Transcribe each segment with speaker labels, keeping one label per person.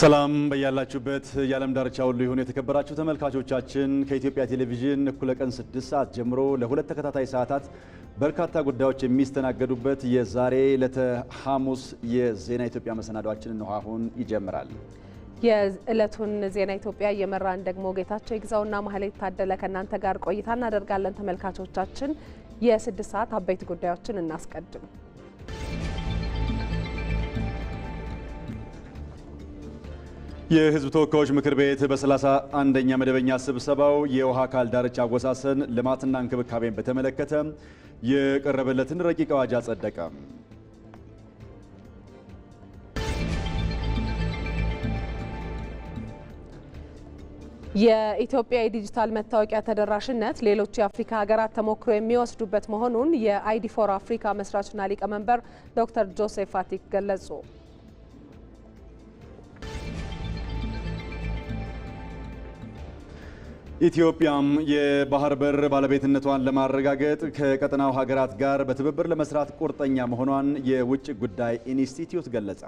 Speaker 1: ሰላም በያላችሁበት የዓለም ዳርቻ ሁሉ ይሁን። የተከበራችሁ ተመልካቾቻችን ከኢትዮጵያ ቴሌቪዥን እኩለ ቀን 6 ሰዓት ጀምሮ ለሁለት ተከታታይ ሰዓታት በርካታ ጉዳዮች የሚስተናገዱበት የዛሬ ዕለተ ሐሙስ የዜና ኢትዮጵያ መሰናዷችን ነው አሁን ይጀምራል።
Speaker 2: የዕለቱን ዜና ኢትዮጵያ እየመራን ደግሞ ጌታቸው ይግዛውና ማህሌት ታደለ ከእናንተ ጋር ቆይታ እናደርጋለን። ተመልካቾቻችን የስድስት ሰዓት አበይት ጉዳዮችን እናስቀድም።
Speaker 1: የህዝብ ተወካዮች ምክር ቤት በሰላሳ አንደኛ መደበኛ ስብሰባው የውሃ አካል ዳርቻ አወሳሰን ልማትና እንክብካቤን በተመለከተ የቀረበለትን ረቂቅ አዋጅ አጸደቀ።
Speaker 2: የኢትዮጵያ የዲጂታል መታወቂያ ተደራሽነት ሌሎች የአፍሪካ ሀገራት ተሞክሮ የሚወስዱበት መሆኑን የአይዲ ፎር አፍሪካ መስራችና ሊቀመንበር ዶክተር ጆሴፍ አቲክ ገለጹ።
Speaker 1: ኢትዮጵያም የባህር በር ባለቤትነቷን ለማረጋገጥ ከቀጠናው ሀገራት ጋር በትብብር ለመስራት ቁርጠኛ መሆኗን የውጭ ጉዳይ ኢንስቲትዩት ገለጸ።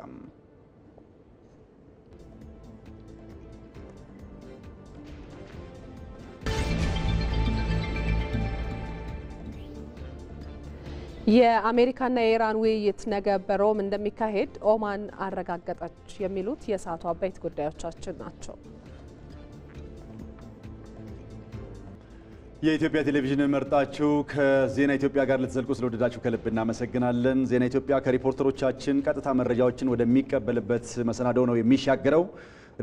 Speaker 2: የአሜሪካና የኢራን ውይይት ነገ በሮም እንደሚካሄድ ኦማን አረጋገጠች። የሚሉት የሰዓቱ አበይት ጉዳዮቻችን ናቸው።
Speaker 1: የኢትዮጵያ ቴሌቪዥን መርጣችሁ ከዜና ኢትዮጵያ ጋር ልትዘልቁ ስለወደዳችሁ ከልብ እናመሰግናለን። ዜና ኢትዮጵያ ከሪፖርተሮቻችን ቀጥታ መረጃዎችን ወደሚቀበልበት መሰናዶ ነው የሚሻገረው።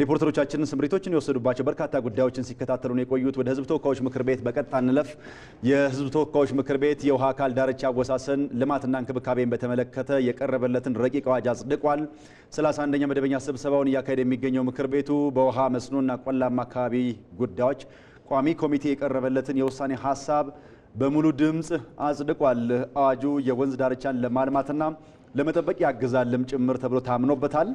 Speaker 1: ሪፖርተሮቻችን ስምሪቶችን የወሰዱባቸው በርካታ ጉዳዮችን ሲከታተሉ ነው የቆዩት። ወደ ህዝብ ተወካዮች ምክር ቤት በቀጥታ እንለፍ። የህዝብ ተወካዮች ምክር ቤት የውሃ አካል ዳርቻ አወሳሰን ልማትና እንክብካቤን በተመለከተ የቀረበለትን ረቂቅ አዋጅ አጽድቋል። 31ኛ መደበኛ ስብሰባውን እያካሄደ የሚገኘው ምክር ቤቱ በውሃ መስኖና ቆላማ አካባቢ ጉዳዮች ቋሚ ኮሚቴ የቀረበለትን የውሳኔ ሀሳብ በሙሉ ድምፅ አጽድቋል። አዋጁ የወንዝ ዳርቻን ለማልማትና ለመጠበቅ ያግዛልም ጭምር ተብሎ ታምኖበታል።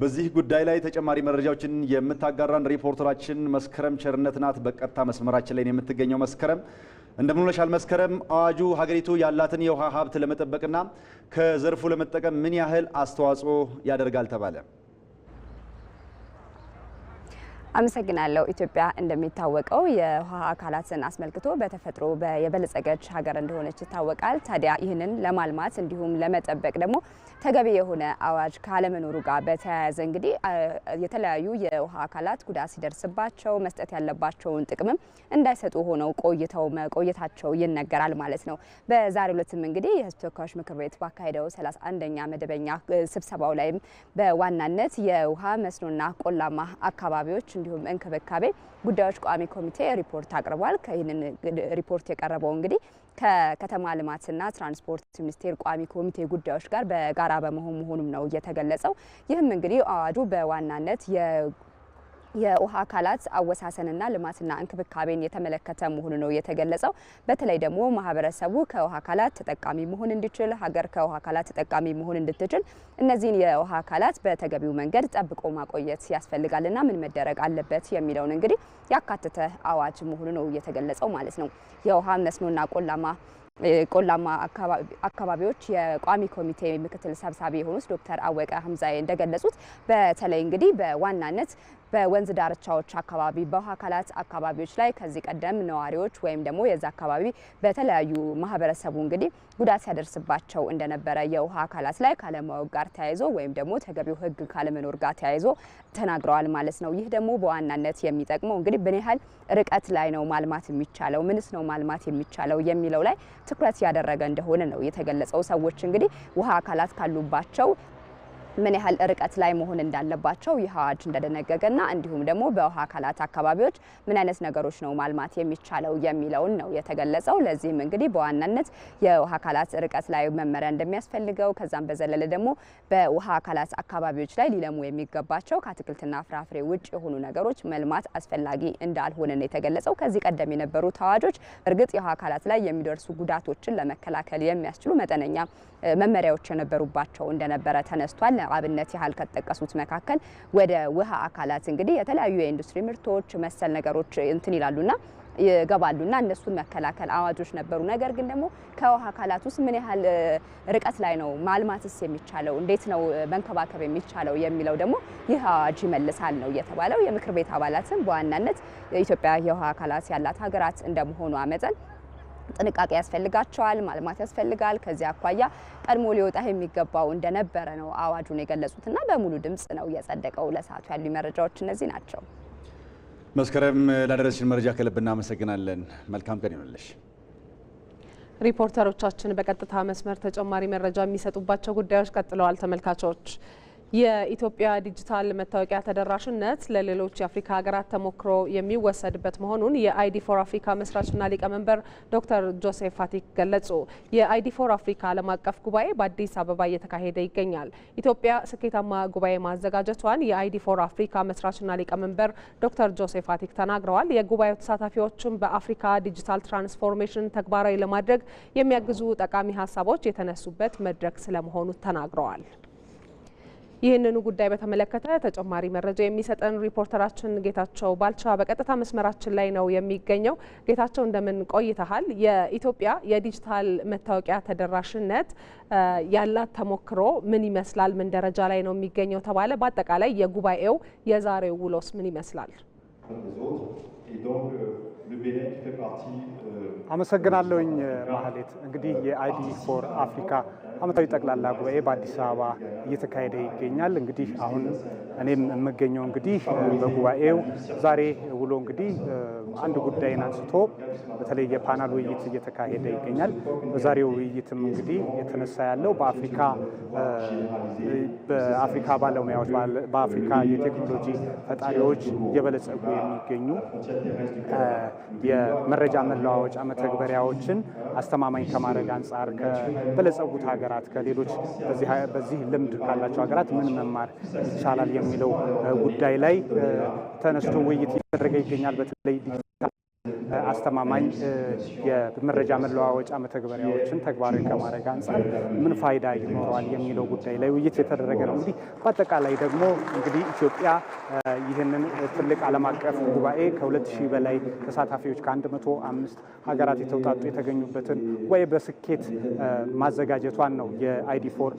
Speaker 1: በዚህ ጉዳይ ላይ ተጨማሪ መረጃዎችን የምታጋራን ሪፖርተራችን መስከረም ቸርነት ናት። በቀጥታ መስመራችን ላይ የምትገኘው መስከረም እንደምን ውለሻል? መስከረም አዋጁ ሀገሪቱ ያላትን የውሃ ሀብት ለመጠበቅና ከዘርፉ ለመጠቀም ምን ያህል አስተዋጽኦ ያደርጋል ተባለ?
Speaker 2: አመሰግናለሁ። ኢትዮጵያ እንደሚታወቀው የውሃ አካላትን አስመልክቶ በተፈጥሮ የበለጸገች ሀገር እንደሆነች ይታወቃል። ታዲያ ይህንን ለማልማት እንዲሁም ለመጠበቅ ደግሞ ተገቢ የሆነ አዋጅ ካለመኖሩ ጋር በተያያዘ እንግዲህ የተለያዩ የውሃ አካላት ጉዳት ሲደርስባቸው መስጠት ያለባቸውን ጥቅምም እንዳይሰጡ ሆነው ቆይተው መቆየታቸው ይነገራል ማለት ነው። በዛሬው ዕለትም እንግዲህ የሕዝብ ተወካዮች ምክር ቤት ባካሄደው 31ኛ መደበኛ ስብሰባው ላይም በዋናነት የውሃ መስኖና ቆላማ አካባቢዎች እንዲሁም እንክብካቤ ጉዳዮች ቋሚ ኮሚቴ ሪፖርት አቅርቧል። ከይህንን ሪፖርት የቀረበው እንግዲህ ከከተማ ልማትና ትራንስፖርት ሚኒስቴር ቋሚ ኮሚቴ ጉዳዮች ጋር በጋራ በመሆን መሆኑም ነው የተገለጸው። ይህም እንግዲህ አዋጁ በዋናነት የውሃ አካላት አወሳሰንና ልማትና እንክብካቤን የተመለከተ መሆኑ ነው የተገለጸው። በተለይ ደግሞ ማህበረሰቡ ከውሃ አካላት ተጠቃሚ መሆን እንዲችል፣ ሀገር ከውሃ አካላት ተጠቃሚ መሆን እንድትችል እነዚህን የውሃ አካላት በተገቢው መንገድ ጠብቆ ማቆየት ያስፈልጋልና ምን መደረግ አለበት የሚለውን እንግዲህ ያካተተ አዋጅ መሆኑ ነው የተገለጸው ማለት ነው። የውሃ መስኖና ቆላማ ቆላማ አካባቢዎች የቋሚ ኮሚቴ ምክትል ሰብሳቢ የሆኑት ዶክተር አወቀ ሀምዛዬ እንደገለጹት በተለይ እንግዲህ በዋናነት በወንዝ ዳርቻዎች አካባቢ በውሃ አካላት አካባቢዎች ላይ ከዚህ ቀደም ነዋሪዎች ወይም ደግሞ የዛ አካባቢ በተለያዩ ማህበረሰቡ እንግዲህ ጉዳት ሲያደርስባቸው እንደነበረ የውሃ አካላት ላይ ካለማወቅ ጋር ተያይዞ ወይም ደግሞ ተገቢው ሕግ ካለመኖር ጋር ተያይዞ ተናግረዋል ማለት ነው። ይህ ደግሞ በዋናነት የሚጠቅመው እንግዲህ ምን ያህል ርቀት ላይ ነው ማልማት የሚቻለው፣ ምንስ ነው ማልማት የሚቻለው የሚለው ላይ ትኩረት ያደረገ እንደሆነ ነው የተገለጸው። ሰዎች እንግዲህ ውሃ አካላት ካሉባቸው ምን ያህል ርቀት ላይ መሆን እንዳለባቸው ይህ አዋጅ እንደደነገገና እንዲሁም ደግሞ በውሃ አካላት አካባቢዎች ምን አይነት ነገሮች ነው ማልማት የሚቻለው የሚለውን ነው የተገለጸው። ለዚህም እንግዲህ በዋናነት የውሃ አካላት ርቀት ላይ መመሪያ እንደሚያስፈልገው ከዛም በዘለለ ደግሞ በውሃ አካላት አካባቢዎች ላይ ሊለሙ የሚገባቸው ከአትክልትና ፍራፍሬ ውጭ የሆኑ ነገሮች መልማት አስፈላጊ እንዳልሆነ ነው የተገለጸው። ከዚህ ቀደም የነበሩት አዋጆች እርግጥ የውሃ አካላት ላይ የሚደርሱ ጉዳቶችን ለመከላከል የሚያስችሉ መጠነኛ መመሪያዎች የነበሩባቸው እንደነበረ ተነስቷል። አብነት ያህል ከተጠቀሱት መካከል ወደ ውሃ አካላት እንግዲህ የተለያዩ የኢንዱስትሪ ምርቶች መሰል ነገሮች እንትን ይላሉና ይገባሉና እነሱን መከላከል አዋጆች ነበሩ። ነገር ግን ደግሞ ከውሃ አካላት ውስጥ ምን ያህል ርቀት ላይ ነው ማልማትስ የሚቻለው እንዴት ነው መንከባከብ የሚቻለው የሚለው ደግሞ ይህ አዋጅ ይመልሳል ነው እየተባለው። የምክር ቤት አባላትም በዋናነት ኢትዮጵያ የውሃ አካላት ያላት ሀገራት እንደመሆኗ መጠን ጥንቃቄ ያስፈልጋቸዋል፣ ማልማት ያስፈልጋል። ከዚህ አኳያ ቀድሞ ሊወጣ የሚገባው እንደነበረ ነው አዋጁን የገለጹትና በሙሉ ድምጽ ነው እየጸደቀው። ለሰዓቱ ያሉ መረጃዎች እነዚህ ናቸው።
Speaker 1: መስከረም ላደረስሽን መረጃ ከልብ እናመሰግናለን። መልካም ቀን ይሆንልሽ።
Speaker 2: ሪፖርተሮቻችን በቀጥታ መስመር ተጨማሪ መረጃ የሚሰጡባቸው ጉዳዮች ቀጥለዋል። ተመልካቾች የኢትዮጵያ ዲጂታል መታወቂያ ተደራሽነት ለሌሎች የአፍሪካ ሀገራት ተሞክሮ የሚወሰድበት መሆኑን የአይዲ ፎር አፍሪካ መስራችና ሊቀመንበር ዶክተር ጆሴፍ ፋቲክ ገለጹ። የአይዲ ፎር አፍሪካ ዓለም አቀፍ ጉባኤ በአዲስ አበባ እየተካሄደ ይገኛል። ኢትዮጵያ ስኬታማ ጉባኤ ማዘጋጀቷን የአይዲ ፎር አፍሪካ መስራችና ሊቀመንበር ዶክተር ጆሴፍ ፋቲክ ተናግረዋል። የጉባኤው ተሳታፊዎችም በአፍሪካ ዲጂታል ትራንስፎርሜሽን ተግባራዊ ለማድረግ የሚያግዙ ጠቃሚ ሀሳቦች የተነሱበት መድረክ ስለመሆኑ ተናግረዋል። ይህንኑ ጉዳይ በተመለከተ ተጨማሪ መረጃ የሚሰጠን ሪፖርተራችን ጌታቸው ባልቻ በቀጥታ መስመራችን ላይ ነው የሚገኘው። ጌታቸው እንደምን ቆይተሃል? የኢትዮጵያ የዲጂታል መታወቂያ ተደራሽነት ያላት ተሞክሮ ምን ይመስላል? ምን ደረጃ ላይ ነው የሚገኘው ተባለ። በአጠቃላይ የጉባኤው የዛሬው ውሎስ ምን ይመስላል?
Speaker 3: Euh, euh, አመሰግናለሁኝ euh, ማህሌት። እንግዲህ የአይዲ ፎር አፍሪካ አመታዊ ጠቅላላ ጉባኤ በአዲስ አበባ እየተካሄደ ይገኛል። እንግዲህ አሁን እኔም የምገኘው እንግዲህ በጉባኤው ዛሬ ውሎ እንግዲህ አንድ ጉዳይን አንስቶ በተለይ የፓናል ውይይት እየተካሄደ ይገኛል። በዛሬው ውይይትም እንግዲህ የተነሳ ያለው በአፍሪካ በአፍሪካ ባለሙያዎች በአፍሪካ የቴክኖሎጂ ፈጣሪዎች እየበለጸጉ የሚገኙ የመረጃ መለዋወጫ መተግበሪያዎችን አስተማማኝ ከማድረግ አንጻር ከበለጸጉት ሀገራት ከሌሎች በዚህ ልምድ ካላቸው ሀገራት ምን መማር ይቻላል የሚለው ጉዳይ ላይ ተነስቶ ውይይት እየተደረገ ይገኛል። በተለይ አስተማማኝ የመረጃ መለዋወጫ መተግበሪያዎችን ተግባራዊ ከማድረግ አንጻር ምን ፋይዳ ይኖረዋል የሚለው ጉዳይ ላይ ውይይት የተደረገ ነው። እንግዲህ በአጠቃላይ ደግሞ እንግዲህ ኢትዮጵያ ይህንን ትልቅ ዓለም አቀፍ ጉባኤ ከሁለት ሺህ በላይ ተሳታፊዎች ከአንድ መቶ አምስት ሀገራት የተውጣጡ የተገኙበትን ወይ በስኬት ማዘጋጀቷን ነው የአይዲ ፎር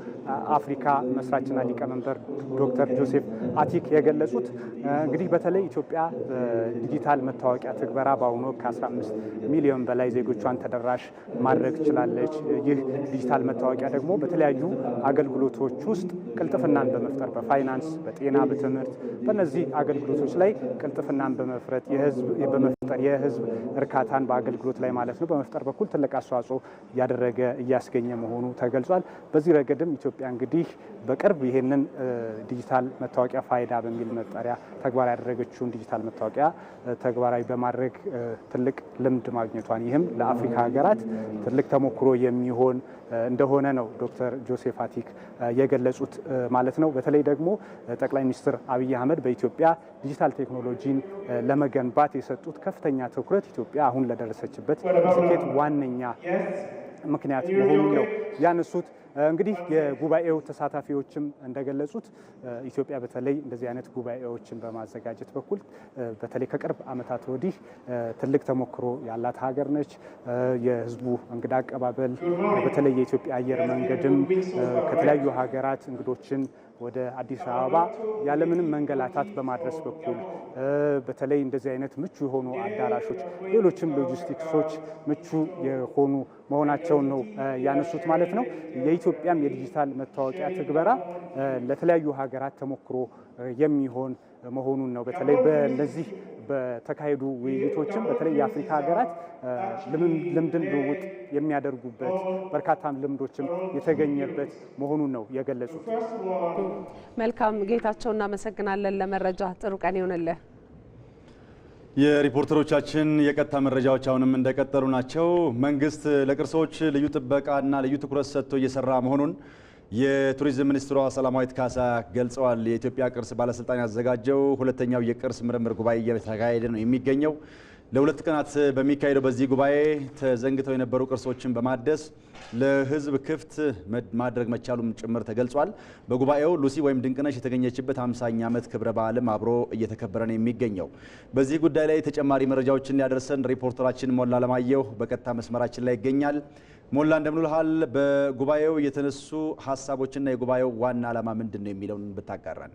Speaker 3: አፍሪካ መስራችና ሊቀመንበር ዶክተር ጆሴፍ አቲክ የገለጹት። እንግዲህ በተለይ ኢትዮጵያ በዲጂታል መታወቂያ ትግበራ በአሁኑ ወቅት ከ15 ሚሊዮን በላይ ዜጎቿን ተደራሽ ማድረግ ችላለች። ይህ ዲጂታል መታወቂያ ደግሞ በተለያዩ አገልግሎቶች ውስጥ ቅልጥፍናን በመፍጠር በፋይናንስ፣ በጤና፣ በትምህርት በእነዚህ አገልግሎቶች ላይ ቅልጥፍናን በመፍረት የህዝብ በመፍጠር የህዝብ እርካታን በአገልግሎት ላይ ማለት ነው በመፍጠር በኩል ትልቅ አስተዋጽኦ እያደረገ እያስገኘ መሆኑ ተገልጿል። በዚህ ረገድም ኢትዮጵያ እንግዲህ በቅርብ ይህንን ዲጂታል መታወቂያ ፋይዳ በሚል መጠሪያ ተግባር ያደረገችውን ዲጂታል መታወቂያ ተግባራዊ በማድረግ ትልቅ ልምድ ማግኘቷን ይህም ለአፍሪካ ሀገራት ትልቅ ተሞክሮ የሚሆን እንደሆነ ነው ዶክተር ጆሴፍ አቲክ የገለጹት ማለት ነው። በተለይ ደግሞ ጠቅላይ ሚኒስትር አብይ አህመድ በኢትዮጵያ ዲጂታል ቴክኖሎጂን ለመገንባት የሰጡት ከፍተኛ ትኩረት ኢትዮጵያ አሁን ለደረሰችበት ስኬት ዋነኛ ምክንያት መሆኑ ነው ያነሱት። እንግዲህ የጉባኤው ተሳታፊዎችም እንደገለጹት ኢትዮጵያ በተለይ እንደዚህ አይነት ጉባኤዎችን በማዘጋጀት በኩል በተለይ ከቅርብ ዓመታት ወዲህ ትልቅ ተሞክሮ ያላት ሀገር ነች። የሕዝቡ እንግዳ አቀባበል በተለይ የኢትዮጵያ አየር መንገድም ከተለያዩ ሀገራት እንግዶችን ወደ አዲስ አበባ ያለምንም መንገላታት በማድረስ በኩል በተለይ እንደዚህ አይነት ምቹ የሆኑ አዳራሾች፣ ሌሎችም ሎጂስቲክሶች ምቹ የሆኑ መሆናቸውን ነው ያነሱት ማለት ነው። የኢትዮጵያም የዲጂታል መታወቂያ ትግበራ ለተለያዩ ሀገራት ተሞክሮ የሚሆን መሆኑን ነው። በተለይ በነዚህ በተካሄዱ ውይይቶችም በተለይ የአፍሪካ ሀገራት ልምድን ልውውጥ የሚያደርጉበት በርካታም ልምዶችም የተገኘበት መሆኑን ነው የገለጹት።
Speaker 2: መልካም ጌታቸው፣ እናመሰግናለን ለመረጃ። ጥሩ ቀን ይሆንልህ።
Speaker 1: የሪፖርተሮቻችን የቀጥታ መረጃዎች አሁንም እንደቀጠሉ ናቸው። መንግስት ለቅርሶች ልዩ ጥበቃና ልዩ ትኩረት ሰጥቶ እየሰራ መሆኑን የቱሪዝም ሚኒስትሯ ሰላማዊት ካሳ ገልጸዋል። የኢትዮጵያ ቅርስ ባለስልጣን ያዘጋጀው ሁለተኛው የቅርስ ምርምር ጉባኤ እየተካሄደ ነው የሚገኘው። ለሁለት ቀናት በሚካሄደው በዚህ ጉባኤ ተዘንግተው የነበሩ ቅርሶችን በማደስ ለሕዝብ ክፍት ማድረግ መቻሉም ጭምር ተገልጿል። በጉባኤው ሉሲ ወይም ድንቅነሽ የተገኘችበት አምሳኛ ዓመት ክብረ በዓልም አብሮ እየተከበረ ነው የሚገኘው። በዚህ ጉዳይ ላይ ተጨማሪ መረጃዎችን ሊያደርሰን ሪፖርተራችን ሞላ ለማየሁ በቀጥታ መስመራችን ላይ ይገኛል። ሞላ እንደምንልሃል በጉባኤው የተነሱ ሀሳቦችና የጉባኤው ዋና ዓላማ ምንድን ነው የሚለውን ብታጋራን።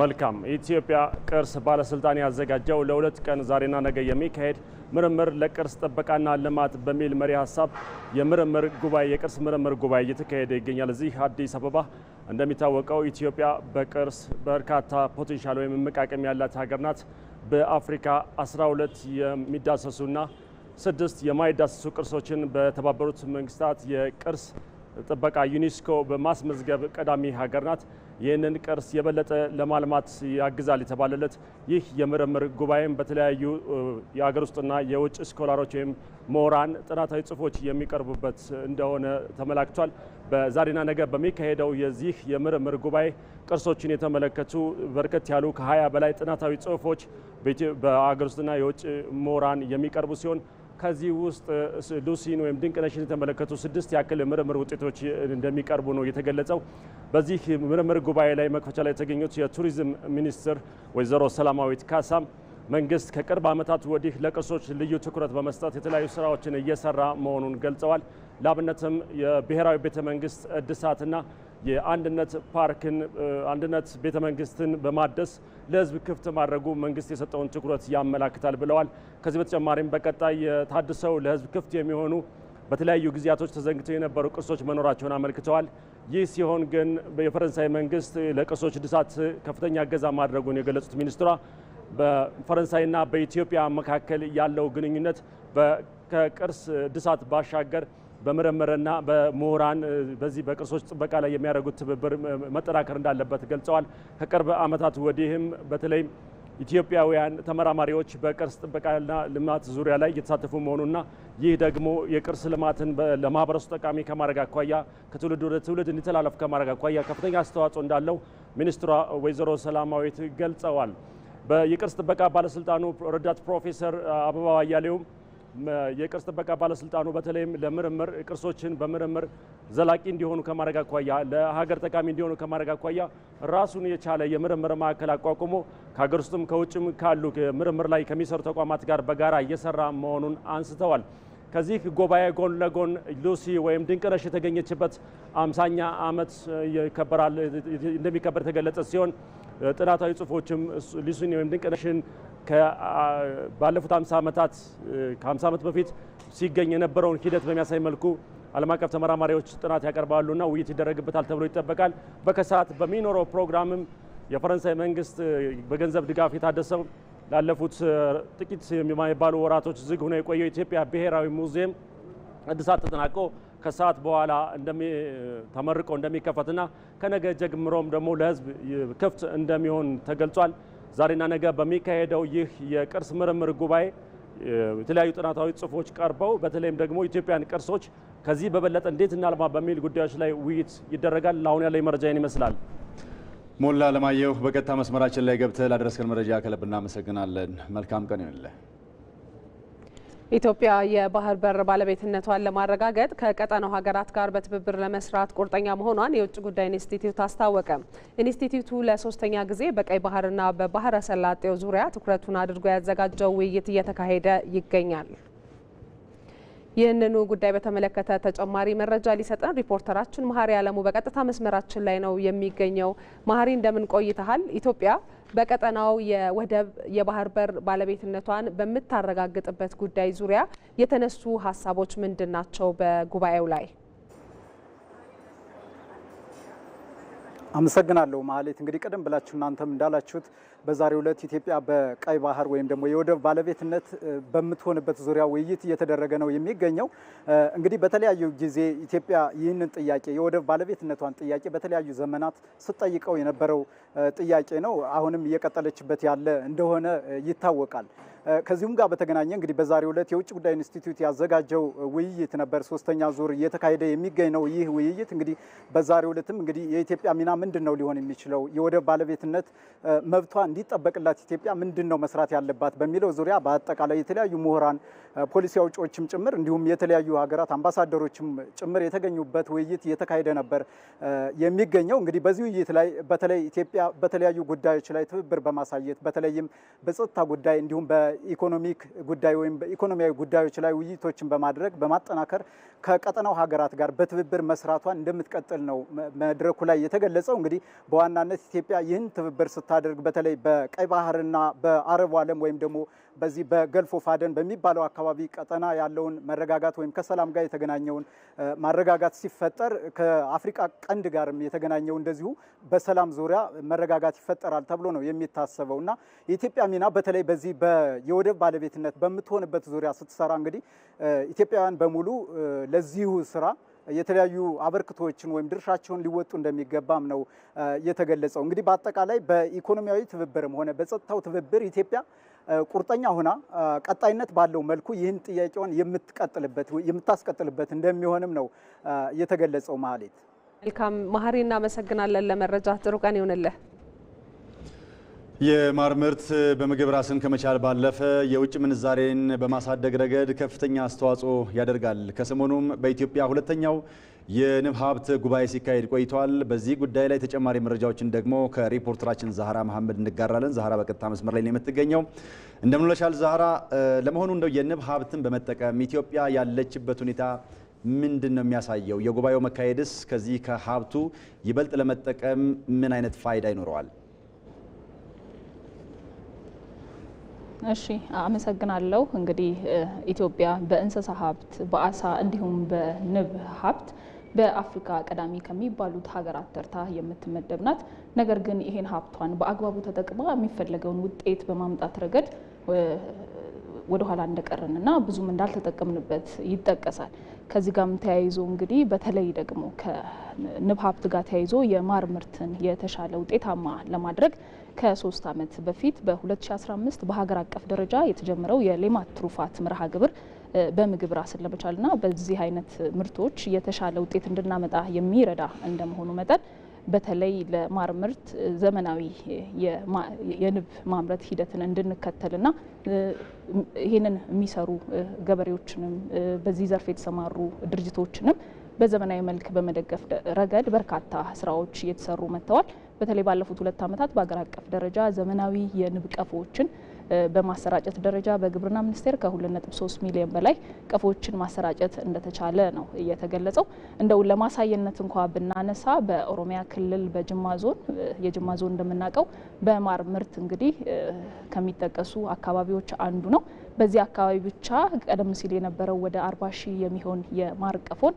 Speaker 1: መልካም። የኢትዮጵያ ቅርስ ባለስልጣን ያዘጋጀው ለሁለት ቀን ዛሬና ነገ የሚካሄድ ምርምር ለቅርስ ጥበቃና ልማት በሚል መሪ ሀሳብ የምርምር ጉባኤ የቅርስ ምርምር ጉባኤ እየተካሄደ ይገኛል። እዚህ አዲስ አበባ እንደሚታወቀው ኢትዮጵያ በቅርስ በርካታ ፖቴንሻል ወይም መቃቀም ያላት ሀገር ናት። በአፍሪካ 12 የሚዳሰሱና ስድስት የማይዳሰሱ ቅርሶችን በተባበሩት መንግስታት የቅርስ ጥበቃ ዩኔስኮ በማስመዝገብ ቀዳሚ ሀገር ናት። ይህንን ቅርስ የበለጠ ለማልማት ያግዛል የተባለለት ይህ የምርምር ጉባኤም በተለያዩ የአገር ውስጥና የውጭ ስኮላሮች ወይም ምሁራን ጥናታዊ ጽሁፎች የሚቀርቡበት እንደሆነ ተመላክቷል። በዛሬና ነገ በሚካሄደው የዚህ የምርምር ጉባኤ ቅርሶችን የተመለከቱ በርከት ያሉ ከሀያ በላይ ጥናታዊ ጽሁፎች በአገር ውስጥና የውጭ ምሁራን የሚቀርቡ ሲሆን ከዚህ ውስጥ ሉሲን ወይም ድንቅነሽን የተመለከቱ ስድስት ያክል ምርምር ውጤቶች እንደሚቀርቡ ነው የተገለጸው። በዚህ ምርምር ጉባኤ ላይ መክፈቻ ላይ የተገኙት የቱሪዝም ሚኒስትር ወይዘሮ ሰላማዊት ካሳም መንግስት ከቅርብ ዓመታት ወዲህ ለቅርሶች ልዩ ትኩረት በመስጠት የተለያዩ ስራዎችን እየሰራ መሆኑን ገልጸዋል። ለአብነትም የብሔራዊ ቤተ መንግስት እድሳትና የአንድነት ፓርክን አንድነት ቤተ መንግስትን በማደስ ለህዝብ ክፍት ማድረጉ መንግስት የሰጠውን ትኩረት ያመላክታል ብለዋል። ከዚህ በተጨማሪም በቀጣይ የታድሰው ለህዝብ ክፍት የሚሆኑ በተለያዩ ጊዜያቶች ተዘንግተው የነበሩ ቅርሶች መኖራቸውን አመልክተዋል። ይህ ሲሆን ግን የፈረንሳይ መንግስት ለቅርሶች እድሳት ከፍተኛ እገዛ ማድረጉን የገለጹት ሚኒስትሯ በፈረንሳይና በኢትዮጵያ መካከል ያለው ግንኙነት ከቅርስ እድሳት ባሻገር በምርምርና በምሁራን በዚህ በቅርሶች ጥበቃ ላይ የሚያደርጉት ትብብር መጠናከር እንዳለበት ገልጸዋል። ከቅርብ ዓመታት ወዲህም በተለይም ኢትዮጵያውያን ተመራማሪዎች በቅርስ ጥበቃና ልማት ዙሪያ ላይ እየተሳተፉ መሆኑና ይህ ደግሞ የቅርስ ልማትን ለማህበረሰቡ ጠቃሚ ከማድረግ አኳያ ከትውልድ ወደ ትውልድ እንዲተላለፍ ከማድረግ አኳያ ከፍተኛ አስተዋጽኦ እንዳለው ሚኒስትሯ ወይዘሮ ሰላማዊት ገልጸዋል። የቅርስ ጥበቃ ባለስልጣኑ ረዳት ፕሮፌሰር አበባ አያሌውም የቅርስ ጥበቃ ባለስልጣኑ በተለይም ለምርምር ቅርሶችን በምርምር ዘላቂ እንዲሆኑ ከማድረግ አኳያ ለሀገር ጠቃሚ እንዲሆኑ ከማድረግ አኳያ ራሱን የቻለ የምርምር ማዕከል አቋቁሞ ከሀገር ውስጥም ከውጭም ካሉ ምርምር ላይ ከሚሰሩ ተቋማት ጋር በጋራ እየሰራ መሆኑን አንስተዋል። ከዚህ ጉባኤ ጎን ለጎን ሉሲ ወይም ድንቅነሽ የተገኘችበት አምሳኛ ዓመት እንደሚከበር የተገለጸ ሲሆን ጥናታዊ ጽሁፎችም ሊሱኒ ወይም ድንቅነሽን ባለፉት 50 ዓመታት ከ50 ዓመት በፊት ሲገኝ የነበረውን ሂደት በሚያሳይ መልኩ ዓለም አቀፍ ተመራማሪዎች ጥናት ያቀርባሉና ውይይት ይደረግበታል ተብሎ ይጠበቃል። በከሰዓት በሚኖረው ፕሮግራምም የፈረንሳይ መንግስት በገንዘብ ድጋፍ የታደሰው ላለፉት ጥቂት የሚባሉ ወራቶች ዝግ ሆኖ የቆየው የኢትዮጵያ ብሔራዊ ሙዚየም እድሳት ተጠናቆ ከሰዓት በኋላ ተመርቆ እንደሚከፈትና ከነገ ጀምሮም ደግሞ ለህዝብ ክፍት እንደሚሆን ተገልጿል። ዛሬና ነገ በሚካሄደው ይህ የቅርስ ምርምር ጉባኤ የተለያዩ ጥናታዊ ጽሁፎች ቀርበው በተለይም ደግሞ ኢትዮጵያን ቅርሶች ከዚህ በበለጠ እንዴት እናልማ በሚል ጉዳዮች ላይ ውይይት ይደረጋል። ለአሁን ያለኝ መረጃን ይመስላል። ሞላ ለማየሁ፣ በቀጥታ መስመራችን ላይ ገብተህ ላደረስከን መረጃ ከልብ እናመሰግናለን። መልካም ቀን ይሁንልህ።
Speaker 2: ኢትዮጵያ የባህር በር ባለቤትነቷን ለማረጋገጥ ከቀጠናው ሀገራት ጋር በትብብር ለመስራት ቁርጠኛ መሆኗን የውጭ ጉዳይ ኢንስቲትዩት አስታወቀ። ኢንስቲትዩቱ ለሶስተኛ ጊዜ በቀይ ባህርና በባህረ ሰላጤው ዙሪያ ትኩረቱን አድርጎ ያዘጋጀው ውይይት እየተካሄደ ይገኛል። ይህንኑ ጉዳይ በተመለከተ ተጨማሪ መረጃ ሊሰጠን ሪፖርተራችን መሀሪ አለሙ በቀጥታ መስመራችን ላይ ነው የሚገኘው። መሀሪ እንደምን ቆይተሃል? ኢትዮጵያ በቀጠናው የወደብ የባህር በር ባለቤትነቷን በምታረጋግጥበት ጉዳይ ዙሪያ የተነሱ ሀሳቦች ምንድን ናቸው? በጉባኤው ላይ
Speaker 3: አመሰግናለሁ። ማህሌት። እንግዲህ ቀደም ብላችሁ እናንተም እንዳላችሁት በዛሬው ዕለት ኢትዮጵያ በቀይ ባህር ወይም ደግሞ የወደብ ባለቤትነት በምትሆንበት ዙሪያ ውይይት እየተደረገ ነው የሚገኘው። እንግዲህ በተለያዩ ጊዜ ኢትዮጵያ ይህንን ጥያቄ የወደብ ባለቤትነቷን ጥያቄ በተለያዩ ዘመናት ስትጠይቀው የነበረው ጥያቄ ነው። አሁንም እየቀጠለችበት ያለ እንደሆነ ይታወቃል። ከዚሁም ጋር በተገናኘ እንግዲህ በዛሬው ዕለት የውጭ ጉዳይ ኢንስቲትዩት ያዘጋጀው ውይይት ነበር። ሶስተኛ ዙር እየተካሄደ የሚገኝ ነው። ይህ ውይይት እንግዲህ በዛሬው ዕለትም እንግዲህ የኢትዮጵያ ሚና ምንድን ነው ሊሆን የሚችለው የወደብ ባለቤትነት መብቷ እንዲጠበቅላት ኢትዮጵያ ምንድን ነው መስራት ያለባት በሚለው ዙሪያ በአጠቃላይ የተለያዩ ምሁራን፣ ፖሊሲ አውጪዎችም ጭምር እንዲሁም የተለያዩ ሀገራት አምባሳደሮችም ጭምር የተገኙበት ውይይት እየተካሄደ ነበር የሚገኘው። እንግዲህ በዚህ ውይይት ላይ በተለይ ኢትዮጵያ በተለያዩ ጉዳዮች ላይ ትብብር በማሳየት በተለይም በጸጥታ ጉዳይ እንዲሁም በኢኮኖሚክ ጉዳይ ወይም በኢኮኖሚያዊ ጉዳዮች ላይ ውይይቶችን በማድረግ በማጠናከር ከቀጠናው ሀገራት ጋር በትብብር መስራቷን እንደምትቀጥል ነው መድረኩ ላይ የተገለጸው። እንግዲህ በዋናነት ኢትዮጵያ ይህን ትብብር ስታደርግ በተለይ በቀይ ባህርና በአረቡ ዓለም ወይም ደግሞ በዚህ በገልፎ ፋደን በሚባለው አካባቢ ቀጠና ያለውን መረጋጋት ወይም ከሰላም ጋር የተገናኘውን ማረጋጋት ሲፈጠር ከአፍሪቃ ቀንድ ጋርም የተገናኘው እንደዚሁ በሰላም ዙሪያ መረጋጋት ይፈጠራል ተብሎ ነው የሚታሰበው እና የኢትዮጵያ ሚና በተለይ በዚህ የወደብ ባለቤትነት በምትሆንበት ዙሪያ ስትሰራ እንግዲህ ኢትዮጵያውያን በሙሉ ለዚሁ ስራ የተለያዩ አበርክቶችን ወይም ድርሻቸውን ሊወጡ እንደሚገባም ነው የተገለጸው። እንግዲህ በአጠቃላይ በኢኮኖሚያዊ ትብብርም ሆነ በጸጥታው ትብብር ኢትዮጵያ ቁርጠኛ ሆና ቀጣይነት ባለው መልኩ ይህን ጥያቄውን የምትቀጥልበት የምታስቀጥልበት እንደሚሆንም ነው የተገለጸው። መሀሌት
Speaker 2: መልካም መሀሪ፣ እናመሰግናለን ለመረጃ ጥሩ ቀን ይሁንልህ።
Speaker 1: የማር ምርት በምግብ ራስን ከመቻል ባለፈ የውጭ ምንዛሬን በማሳደግ ረገድ ከፍተኛ አስተዋጽኦ ያደርጋል። ከሰሞኑም በኢትዮጵያ ሁለተኛው የንብ ሀብት ጉባኤ ሲካሄድ ቆይቷል። በዚህ ጉዳይ ላይ ተጨማሪ መረጃዎችን ደግሞ ከሪፖርተራችን ዛህራ መሐመድ እንጋራለን። ዛህራ በቀጥታ መስመር ላይ ነው የምትገኘው። እንደምንለሻል ዛህራ። ለመሆኑ እንደው የንብ ሀብትን በመጠቀም ኢትዮጵያ ያለችበት ሁኔታ ምንድን ነው የሚያሳየው? የጉባኤው መካሄድስ ከዚህ ከሀብቱ ይበልጥ ለመጠቀም ምን አይነት ፋይዳ ይኖረዋል?
Speaker 2: እሺ አመሰግናለሁ። እንግዲህ ኢትዮጵያ በእንስሳ ሀብት፣ በአሳ እንዲሁም በንብ ሀብት በአፍሪካ ቀዳሚ ከሚባሉት ሀገራት ተርታ የምትመደብ ናት። ነገር ግን ይሄን ሀብቷን በአግባቡ ተጠቅማ የሚፈለገውን ውጤት በማምጣት ረገድ ወደኋላ እንደቀረንና ብዙም እንዳልተጠቀምንበት ይጠቀሳል። ከዚህ ጋርም ተያይዞ እንግዲህ በተለይ ደግሞ ከንብ ሀብት ጋር ተያይዞ የማር ምርትን የተሻለ ውጤታማ ለማድረግ ከሶስት ዓመት በፊት በ2015 በሀገር አቀፍ ደረጃ የተጀመረው የሌማት ትሩፋት መርሃ ግብር በምግብ ራስን ለመቻልና በዚህ አይነት ምርቶች የተሻለ ውጤት እንድናመጣ የሚረዳ እንደመሆኑ መጠን በተለይ ለማር ምርት ዘመናዊ የንብ ማምረት ሂደትን እንድንከተልና ይህንን የሚሰሩ ገበሬዎችንም በዚህ ዘርፍ የተሰማሩ ድርጅቶችንም በዘመናዊ መልክ በመደገፍ ረገድ በርካታ ስራዎች እየተሰሩ መጥተዋል። በተለይ ባለፉት ሁለት ዓመታት በአገር አቀፍ ደረጃ ዘመናዊ የንብ ቀፎዎችን በማሰራጨት ደረጃ በግብርና ሚኒስቴር ከ2.3 ሚሊዮን በላይ ቀፎዎችን ማሰራጨት እንደተቻለ ነው እየተገለጸው። እንደው ለማሳየነት እንኳ ብናነሳ በኦሮሚያ ክልል በጅማ ዞን የጅማ ዞን እንደምናውቀው በማር ምርት እንግዲህ ከሚጠቀሱ አካባቢዎች አንዱ ነው። በዚህ አካባቢ ብቻ ቀደም ሲል የነበረው ወደ 40 ሺህ የሚሆን የማር ቀፎን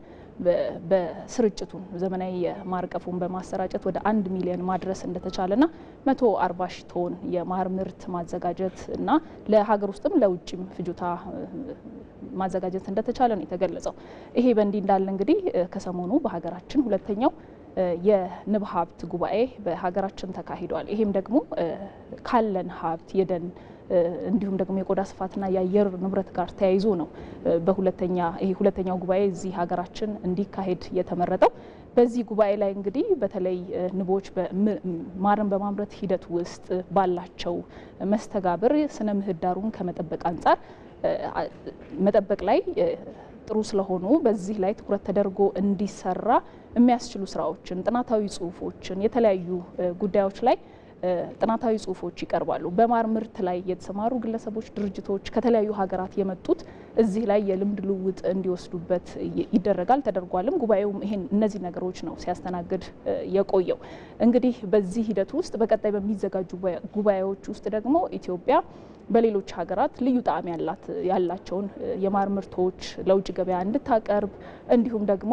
Speaker 2: በስርጭቱን ዘመናዊ የማርቀፉን በማሰራጨት ወደ አንድ ሚሊዮን ማድረስ እንደተቻለና መቶ አርባ ሺ ቶን የማር ምርት ማዘጋጀት እና ለሀገር ውስጥም ለውጭም ፍጆታ ማዘጋጀት እንደተቻለ ነው የተገለጸው። ይሄ በእንዲህ እንዳለ እንግዲህ ከሰሞኑ በሀገራችን ሁለተኛው የንብ ሀብት ጉባኤ በሀገራችን ተካሂዷል። ይሄም ደግሞ ካለን ሀብት የደን እንዲሁም ደግሞ የቆዳ ስፋትና የአየር ንብረት ጋር ተያይዞ ነው በሁለተኛ ይሄ ሁለተኛው ጉባኤ እዚህ ሀገራችን እንዲካሄድ የተመረጠው። በዚህ ጉባኤ ላይ እንግዲህ በተለይ ንቦች ማርን በማምረት ሂደት ውስጥ ባላቸው መስተጋብር ስነ ምህዳሩን ከመጠበቅ አንጻር መጠበቅ ላይ ጥሩ ስለሆኑ በዚህ ላይ ትኩረት ተደርጎ እንዲሰራ የሚያስችሉ ስራዎችን፣ ጥናታዊ ጽሁፎችን፣ የተለያዩ ጉዳዮች ላይ ጥናታዊ ጽሁፎች ይቀርባሉ። በማር ምርት ላይ የተሰማሩ ግለሰቦች፣ ድርጅቶች ከተለያዩ ሀገራት የመጡት እዚህ ላይ የልምድ ልውውጥ እንዲወስዱበት ይደረጋል ተደርጓልም። ጉባኤውም ይሄን እነዚህ ነገሮች ነው ሲያስተናግድ የቆየው። እንግዲህ በዚህ ሂደት ውስጥ በቀጣይ በሚዘጋጁ ጉባኤዎች ውስጥ ደግሞ ኢትዮጵያ በሌሎች ሀገራት ልዩ ጣዕም ያላቸውን የማር ምርቶች ለውጭ ገበያ እንድታቀርብ እንዲሁም ደግሞ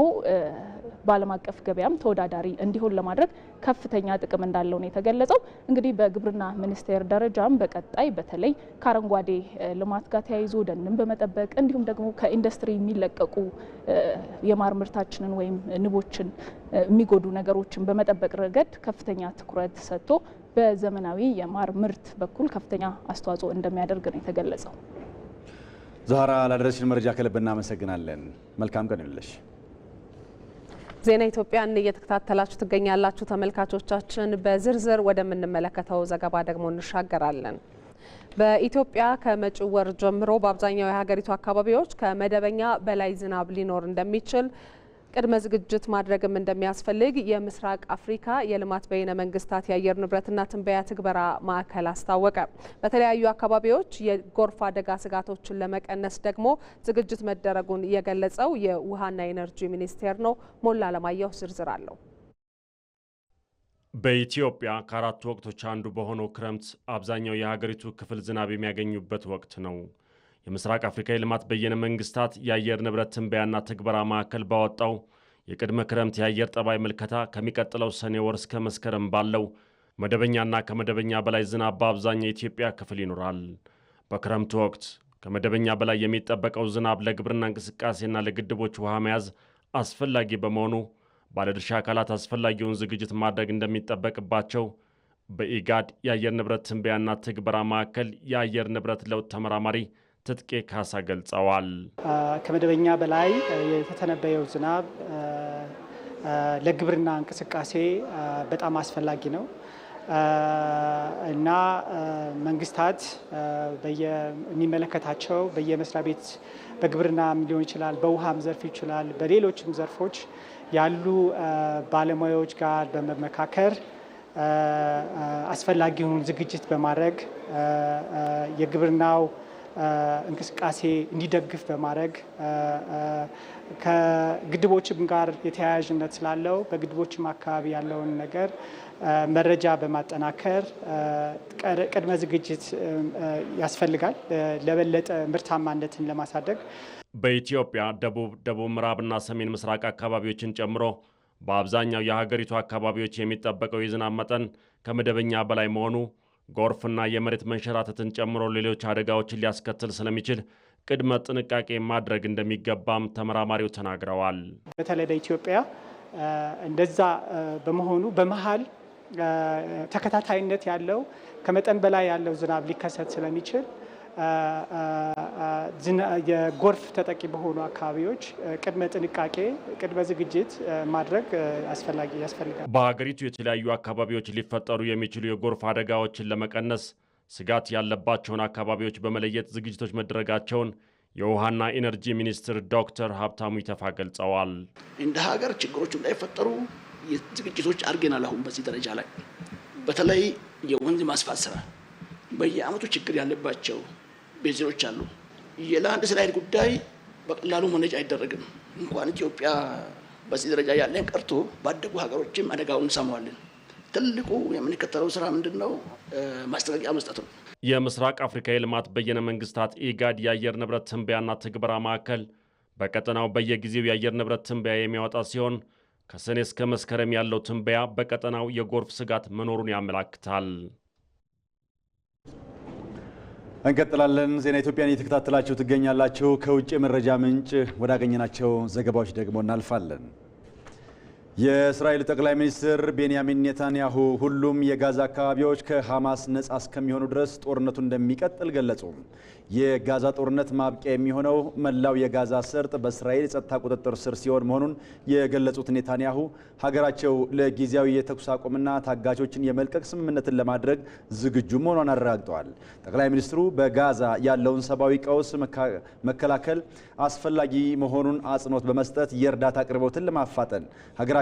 Speaker 2: በዓለም አቀፍ ገበያም ተወዳዳሪ እንዲሆን ለማድረግ ከፍተኛ ጥቅም እንዳለው ነው የተገለጸው። እንግዲህ በግብርና ሚኒስቴር ደረጃም በቀጣይ በተለይ ከአረንጓዴ ልማት ጋር ተያይዞ ደንን በመጠበቅ እንዲሁም ደግሞ ከኢንዱስትሪ የሚለቀቁ የማር ምርታችንን ወይም ንቦችን የሚጎዱ ነገሮችን በመጠበቅ ረገድ ከፍተኛ ትኩረት ሰጥቶ በዘመናዊ የማር ምርት በኩል ከፍተኛ አስተዋጽኦ እንደሚያደርግ ነው የተገለጸው።
Speaker 1: ዛራ ላደረስሽን መረጃ ከልብ እናመሰግናለን። መልካም ቀን ይሁንልሽ።
Speaker 2: ዜና ኢትዮጵያን እየተከታተላችሁ ትገኛላችሁ ተመልካቾቻችን። በዝርዝር ወደምንመለከተው ዘገባ ደግሞ እንሻገራለን። በኢትዮጵያ ከመጪው ወር ጀምሮ በአብዛኛው የሀገሪቱ አካባቢዎች ከመደበኛ በላይ ዝናብ ሊኖር እንደሚችል ቅድመ ዝግጅት ማድረግም እንደሚያስፈልግ የምስራቅ አፍሪካ የልማት በይነ መንግስታት የአየር ንብረትና ትንበያ ትግበራ ማዕከል አስታወቀ። በተለያዩ አካባቢዎች የጎርፍ አደጋ ስጋቶችን ለመቀነስ ደግሞ ዝግጅት መደረጉን የገለጸው የውሃና ኤነርጂ ሚኒስቴር ነው። ሞላ አለማየሁ ዝርዝር አለው። በኢትዮጵያ ከአራቱ ወቅቶች አንዱ በሆነው ክረምት አብዛኛው የሀገሪቱ ክፍል ዝናብ የሚያገኙበት ወቅት ነው። የምስራቅ አፍሪካ የልማት በየነ መንግስታት የአየር ንብረት ትንበያና ትግበራ ማዕከል ባወጣው የቅድመ ክረምት የአየር ጠባይ ምልከታ ከሚቀጥለው ሰኔ ወር እስከ መስከረም ባለው መደበኛና ከመደበኛ በላይ ዝናብ በአብዛኛው የኢትዮጵያ ክፍል ይኖራል። በክረምቱ ወቅት ከመደበኛ በላይ የሚጠበቀው ዝናብ ለግብርና እንቅስቃሴና ለግድቦች ውሃ መያዝ አስፈላጊ በመሆኑ ባለድርሻ አካላት አስፈላጊውን ዝግጅት ማድረግ እንደሚጠበቅባቸው በኢጋድ የአየር ንብረት ትንበያና ትግበራ ማዕከል የአየር ንብረት ለውጥ ተመራማሪ ትጥቄ ካሳ ገልጸዋል። ከመደበኛ በላይ የተተነበየው ዝናብ ለግብርና እንቅስቃሴ በጣም አስፈላጊ ነው እና መንግስታት የሚመለከታቸው በየመስሪያ ቤት በግብርና ሊሆን ይችላል፣ በውሃም ዘርፍ ይችላል፣ በሌሎችም ዘርፎች ያሉ ባለሙያዎች ጋር በመመካከር አስፈላጊውን ዝግጅት በማድረግ የግብርናው እንቅስቃሴ እንዲደግፍ በማድረግ ከግድቦችም ጋር የተያያዥነት ስላለው በግድቦችም አካባቢ ያለውን ነገር መረጃ በማጠናከር ቅድመ ዝግጅት ያስፈልጋል ለበለጠ ምርታማነትን ለማሳደግ። በኢትዮጵያ ደቡብ፣ ደቡብ ምዕራብና ሰሜን ምስራቅ አካባቢዎችን ጨምሮ በአብዛኛው የሀገሪቱ አካባቢዎች የሚጠበቀው የዝናብ መጠን ከመደበኛ በላይ መሆኑ ጎርፍና የመሬት መንሸራተትን ጨምሮ ሌሎች አደጋዎችን ሊያስከትል ስለሚችል ቅድመ ጥንቃቄ ማድረግ እንደሚገባም ተመራማሪው ተናግረዋል። በተለይ በኢትዮጵያ እንደዛ በመሆኑ በመሀል ተከታታይነት ያለው ከመጠን በላይ ያለው ዝናብ ሊከሰት ስለሚችል የጎርፍ ተጠቂ በሆኑ አካባቢዎች ቅድመ ጥንቃቄ፣ ቅድመ ዝግጅት ማድረግ አስፈላጊ ያስፈልጋል። በሀገሪቱ የተለያዩ አካባቢዎች ሊፈጠሩ የሚችሉ የጎርፍ አደጋዎችን ለመቀነስ ስጋት ያለባቸውን አካባቢዎች በመለየት ዝግጅቶች መደረጋቸውን የውሃና ኢነርጂ ሚኒስትር ዶክተር ሀብታሙ ይተፋ ገልጸዋል። እንደ ሀገር ችግሮች እንዳይፈጠሩ ዝግጅቶች አድርገናል። አሁን በዚህ ደረጃ ላይ በተለይ የወንዝ ማስፋት ስራ በየአመቱ ችግር ያለባቸው ቤዝኖች አሉ። ለአንድ እስራኤል ጉዳይ በቀላሉ መነጭ አይደረግም። እንኳን ኢትዮጵያ በዚህ ደረጃ ያለን ቀርቶ ባደጉ ሀገሮችም አደጋውን እንሰማዋለን። ትልቁ የምንከተለው ስራ ምንድን ነው? ማስጠንቀቂያ መስጠት ነው። የምስራቅ አፍሪካ የልማት በየነ መንግስታት ኢጋድ የአየር ንብረት ትንበያና ትግበራ ማዕከል በቀጠናው በየጊዜው የአየር ንብረት ትንበያ የሚያወጣ ሲሆን ከሰኔ እስከ መስከረም ያለው ትንበያ በቀጠናው የጎርፍ ስጋት መኖሩን ያመላክታል። እንቀጥላለን። ዜና ኢትዮጵያን እየተከታተላችሁ ትገኛላችሁ። ከውጭ መረጃ ምንጭ ወዳገኘናቸው ዘገባዎች ደግሞ እናልፋለን። የእስራኤል ጠቅላይ ሚኒስትር ቤንያሚን ኔታንያሁ ሁሉም የጋዛ አካባቢዎች ከሐማስ ነጻ እስከሚሆኑ ድረስ ጦርነቱ እንደሚቀጥል ገለጹ። የጋዛ ጦርነት ማብቂያ የሚሆነው መላው የጋዛ ሰርጥ በእስራኤል የጸጥታ ቁጥጥር ስር ሲሆን መሆኑን የገለጹት ኔታንያሁ ሀገራቸው ለጊዜያዊ የተኩስ አቁምና ታጋቾችን የመልቀቅ ስምምነትን ለማድረግ ዝግጁ መሆኗን አረጋግጠዋል። ጠቅላይ ሚኒስትሩ በጋዛ ያለውን ሰብአዊ ቀውስ መከላከል አስፈላጊ መሆኑን አጽንኦት በመስጠት የእርዳታ አቅርቦትን ለማፋጠን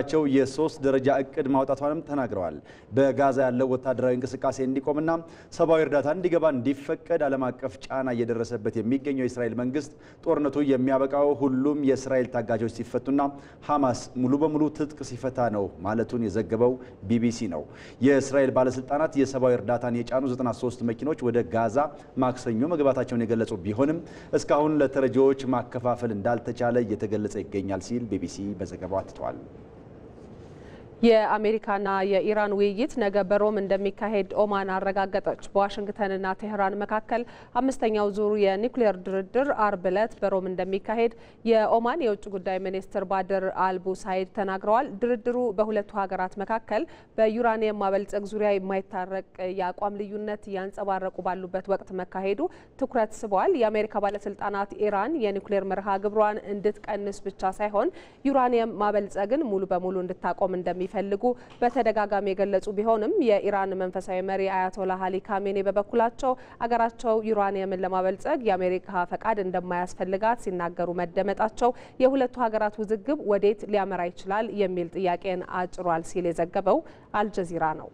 Speaker 2: ያላቸው የሶስት ደረጃ እቅድ ማውጣቷንም ተናግረዋል። በጋዛ ያለው ወታደራዊ እንቅስቃሴ እንዲቆምና ሰብአዊ እርዳታ እንዲገባ እንዲፈቀድ ዓለም አቀፍ ጫና እየደረሰበት የሚገኘው የእስራኤል መንግስት ጦርነቱ የሚያበቃው ሁሉም የእስራኤል ታጋቾች ሲፈቱና ሐማስ ሙሉ በሙሉ ትጥቅ ሲፈታ ነው ማለቱን የዘገበው ቢቢሲ ነው። የእስራኤል ባለስልጣናት የሰብአዊ እርዳታን የጫኑ 93 መኪኖች ወደ ጋዛ ማክሰኞ መግባታቸውን የገለጹ ቢሆንም እስካሁን ለተረጂዎች ማከፋፈል እንዳልተቻለ እየተገለጸ ይገኛል ሲል ቢቢሲ በዘገባው አትተዋል። የአሜሪካና የኢራን ውይይት ነገ በሮም እንደሚካሄድ ኦማን አረጋገጠች። በዋሽንግተንና ቴህራን መካከል አምስተኛው ዙር የኒውክሌር ድርድር አርብ ዕለት በሮም እንደሚካሄድ የኦማን የውጭ ጉዳይ ሚኒስትር ባድር አልቡ ሳይድ ተናግረዋል። ድርድሩ በሁለቱ ሀገራት መካከል በዩራኒየም ማበልጸግ ዙሪያ የማይታረቅ የአቋም ልዩነት እያንጸባረቁ ባሉበት ወቅት መካሄዱ ትኩረት ስቧል። የአሜሪካ ባለስልጣናት ኢራን የኒውክሌር መርሃ ግብሯን እንድትቀንስ ብቻ ሳይሆን ዩራኒየም ማበልጸግን ሙሉ በሙሉ እንድታቆም እንደሚ እንደሚፈልጉ በተደጋጋሚ የገለጹ ቢሆንም የኢራን መንፈሳዊ መሪ አያቶላ ሀሊ ካሜኔ በበኩላቸው አገራቸው ዩራኒየምን ለማበልጸግ የአሜሪካ ፈቃድ እንደማያስፈልጋት ሲናገሩ መደመጣቸው የሁለቱ ሀገራት ውዝግብ ወዴት ሊያመራ ይችላል የሚል ጥያቄን አጭሯል ሲል የዘገበው አልጀዚራ ነው።